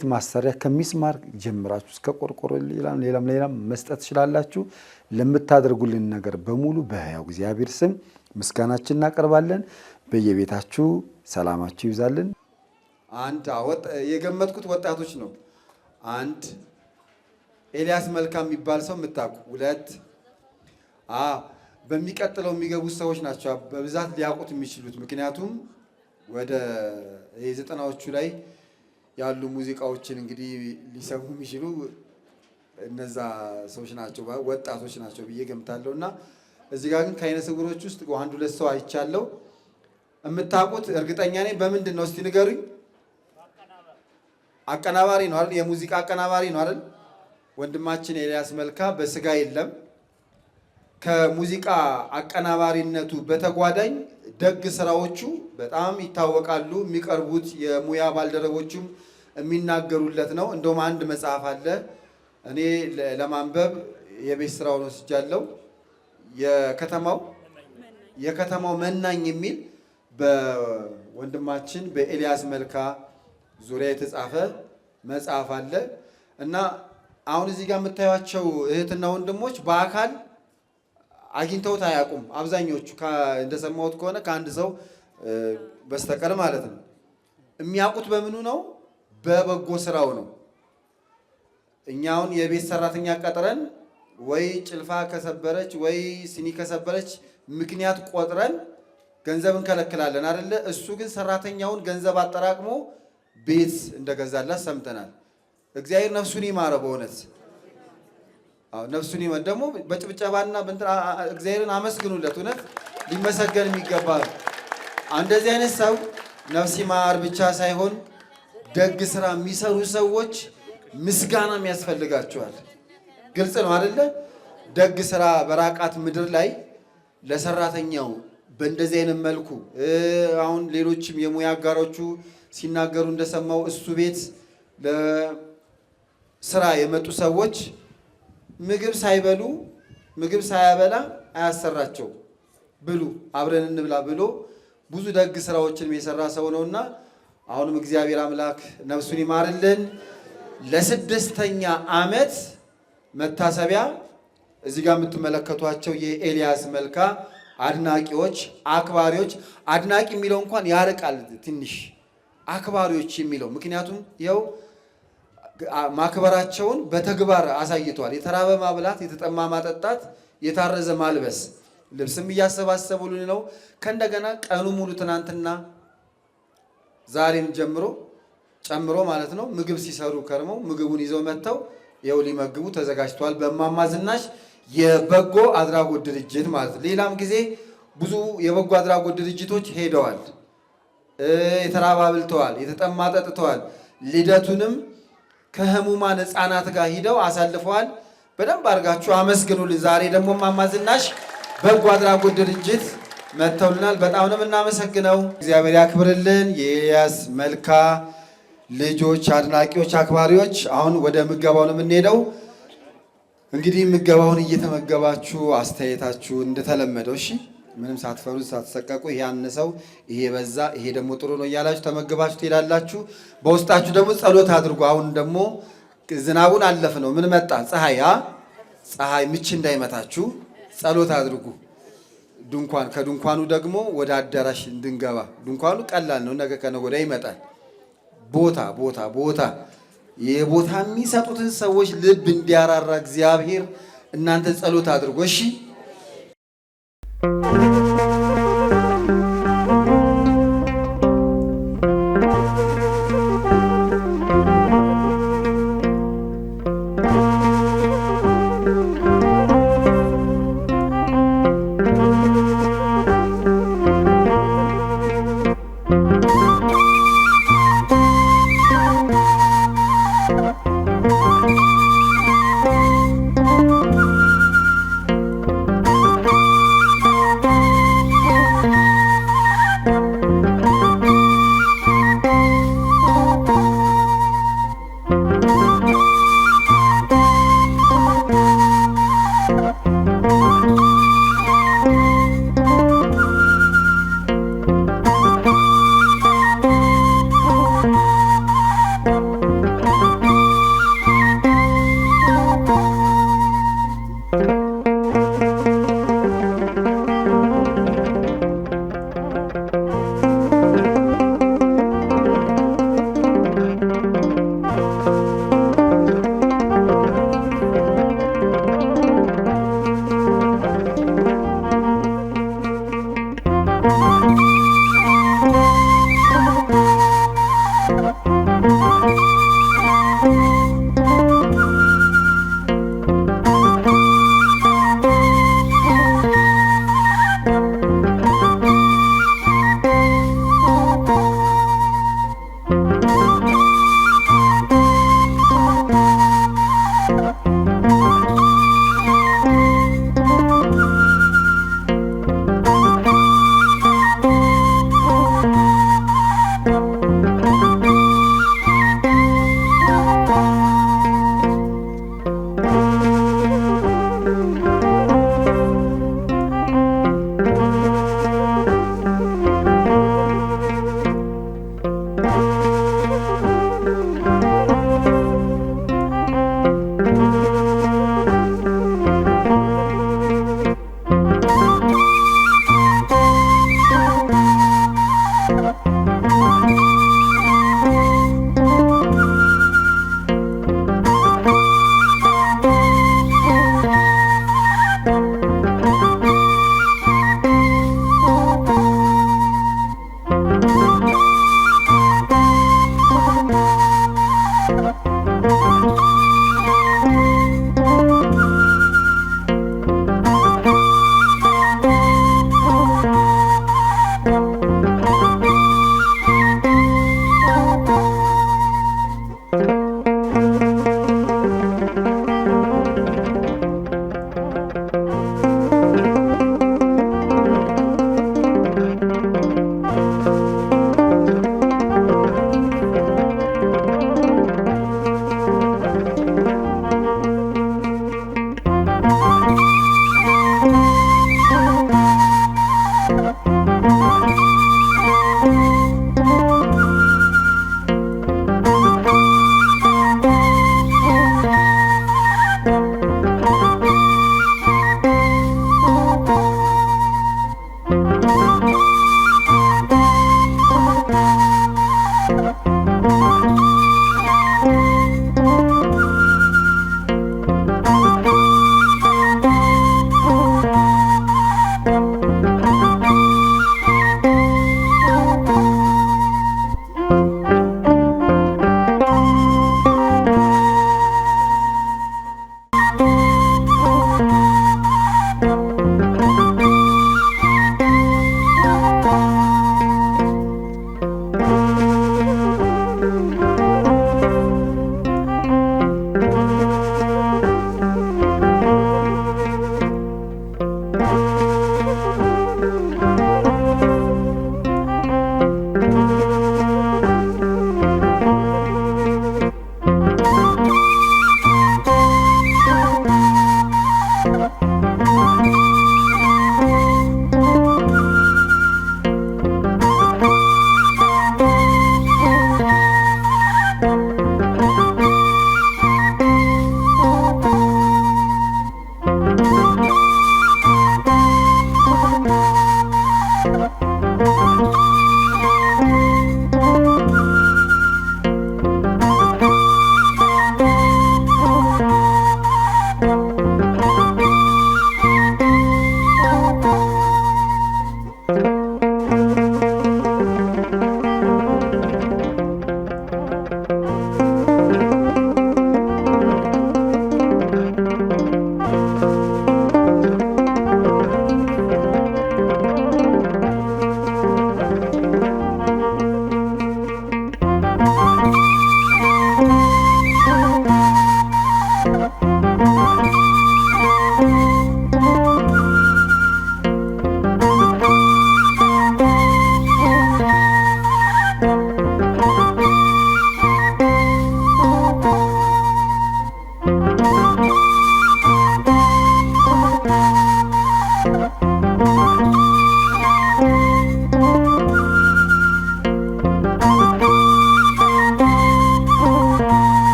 የቤት ማሰሪያ ከሚስማር ጀምራችሁ እስከ ቆርቆሮ ሌላም ሌላም ሌላም መስጠት ትችላላችሁ። ለምታደርጉልን ነገር በሙሉ በሕያው እግዚአብሔር ስም ምስጋናችን እናቀርባለን። በየቤታችሁ ሰላማችሁ ይብዛልን። አንድ የገመትኩት ወጣቶች ነው። አንድ ኤልያስ መልካም የሚባል ሰው የምታውቁ ሁለት በሚቀጥለው የሚገቡት ሰዎች ናቸው በብዛት ሊያውቁት የሚችሉት ምክንያቱም ወደ ዘጠናዎቹ ላይ ያሉ ሙዚቃዎችን እንግዲህ ሊሰሙ የሚችሉ እነዛ ሰዎች ናቸው፣ ወጣቶች ናቸው ብዬ ገምታለሁ። እና እዚህ ጋር ግን ከአይነ ስውሮች ውስጥ አንድ ሁለት ሰው አይቻለው። የምታውቁት እርግጠኛ ነኝ። በምንድን ነው እስቲ ንገሩኝ። አቀናባሪ ነው አይደል? የሙዚቃ አቀናባሪ ነው አይደል? ወንድማችን ኤልያስ መልካ በስጋ የለም። ከሙዚቃ አቀናባሪነቱ በተጓዳኝ ደግ ስራዎቹ በጣም ይታወቃሉ። የሚቀርቡት የሙያ ባልደረቦቹም የሚናገሩለት ነው። እንደውም አንድ መጽሐፍ አለ እኔ ለማንበብ የቤት ስራውን ወስጃለሁ። የከተማው የከተማው መናኝ የሚል በወንድማችን በኤልያስ መልካ ዙሪያ የተጻፈ መጽሐፍ አለ እና አሁን እዚህ ጋር የምታዩቸው እህትና ወንድሞች በአካል አግኝተውት አያውቁም። አብዛኞቹ እንደሰማሁት ከሆነ ከአንድ ሰው በስተቀር ማለት ነው። የሚያውቁት በምኑ ነው? በበጎ ስራው ነው። እኛውን የቤት ሰራተኛ ቀጥረን ወይ ጭልፋ ከሰበረች ወይ ሲኒ ከሰበረች ምክንያት ቆጥረን ገንዘብ እንከለክላለን አይደለ? እሱ ግን ሰራተኛውን ገንዘብ አጠራቅሞ ቤት እንደገዛላት ሰምተናል። እግዚአብሔር ነፍሱን ይማረ። በእውነት ነፍሱን ይማረ። ደግሞ በጭብጨባና እግዚአብሔርን አመስግኑለት። እውነት ሊመሰገን የሚገባ ነው። እንደዚህ አይነት ሰው ነፍስ ይማር ብቻ ሳይሆን ደግ ስራ የሚሰሩ ሰዎች ምስጋናም ያስፈልጋቸዋል። ግልጽ ነው አደለ? ደግ ስራ በራቃት ምድር ላይ ለሰራተኛው በእንደዚህ አይነት መልኩ አሁን ሌሎችም የሙያ አጋሮቹ ሲናገሩ እንደሰማው እሱ ቤት ለስራ የመጡ ሰዎች ምግብ ሳይበሉ ምግብ ሳያበላ አያሰራቸው፣ ብሉ አብረን እንብላ ብሎ ብዙ ደግ ስራዎችንም የሰራ ሰው ነውና አሁንም እግዚአብሔር አምላክ ነፍሱን ይማርልን። ለስድስተኛ ዓመት መታሰቢያ እዚህ ጋር የምትመለከቷቸው የኤልያስ መልካ አድናቂዎች፣ አክባሪዎች አድናቂ የሚለው እንኳን ያርቃል ትንሽ አክባሪዎች የሚለው ምክንያቱም ይኸው ማክበራቸውን በተግባር አሳይተዋል። የተራበ ማብላት፣ የተጠማ ማጠጣት፣ የታረዘ ማልበስ፣ ልብስም እያሰባሰቡልን ነው። ከእንደገና ቀኑ ሙሉ ትናንትና ዛሬም ጀምሮ ጨምሮ ማለት ነው ምግብ ሲሰሩ ከርመው ምግቡን ይዘው መጥተው ይኸው ሊመግቡ ተዘጋጅተዋል። በእማማ ዝናሽ የበጎ አድራጎት ድርጅት ማለት ነው። ሌላም ጊዜ ብዙ የበጎ አድራጎት ድርጅቶች ሄደዋል፣ የተራባብልተዋል፣ የተጠማ ጠጥተዋል። ልደቱንም ከህሙማን ህፃናት ጋር ሂደው አሳልፈዋል። በደንብ አድርጋችሁ አመስግኑልን። ዛሬ ደግሞ እማማ ዝናሽ በጎ አድራጎት ድርጅት መጥተውልናል። በጣም ነው የምናመሰግነው። እግዚአብሔር ያክብርልን። የኤልያስ መልካ ልጆች፣ አድናቂዎች፣ አክባሪዎች አሁን ወደ ምገባው ነው የምንሄደው። እንግዲህ ምገባውን እየተመገባችሁ አስተያየታችሁ እንደተለመደው እሺ፣ ምንም ሳትፈሩ ሳትሰቀቁ፣ ይሄ ያነሰው፣ ይሄ በዛ፣ ይሄ ደግሞ ጥሩ ነው እያላችሁ ተመግባችሁ ትሄዳላችሁ። በውስጣችሁ ደግሞ ጸሎት አድርጉ። አሁን ደግሞ ዝናቡን አለፍ ነው ምን መጣ ፀሐይ ፀሐይ ምች እንዳይመታችሁ ጸሎት አድርጉ። ድንኳን ከድንኳኑ ደግሞ ወደ አዳራሽ እንድንገባ ድንኳኑ ቀላል ነው። ነገ ከነገ ወዲያ ይመጣል። ቦታ ቦታ ቦታ የቦታ የሚሰጡትን ሰዎች ልብ እንዲያራራ እግዚአብሔር እናንተ ጸሎት አድርጎ እሺ